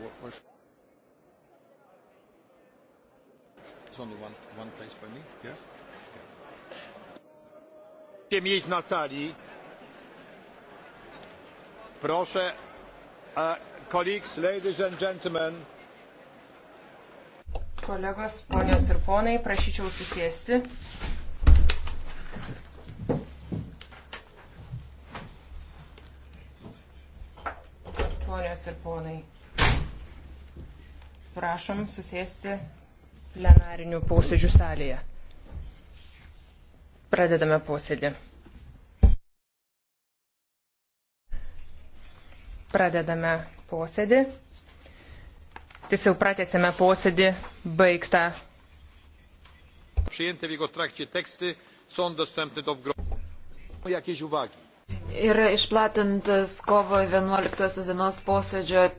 What, where's There's only one, one place for me. Yes? Yeah. miejsc na sali. Proszę, uh, colleagues, ladies and gentlemen. Kolegos, ponios ir ponai, prašyčiau susėsti. Ponios ir ponai. Prašom susėsti plenarinių posėdžių salėje. Pradedame posėdį. Pradedame posėdį. Tiesiog pratėsime posėdį baigtą. Przyjęte w jego trakcie teksty są dostępne do wgromadzenia. Jakieś uwagi? Yra išplatintas kovo 11 dienos posėdžio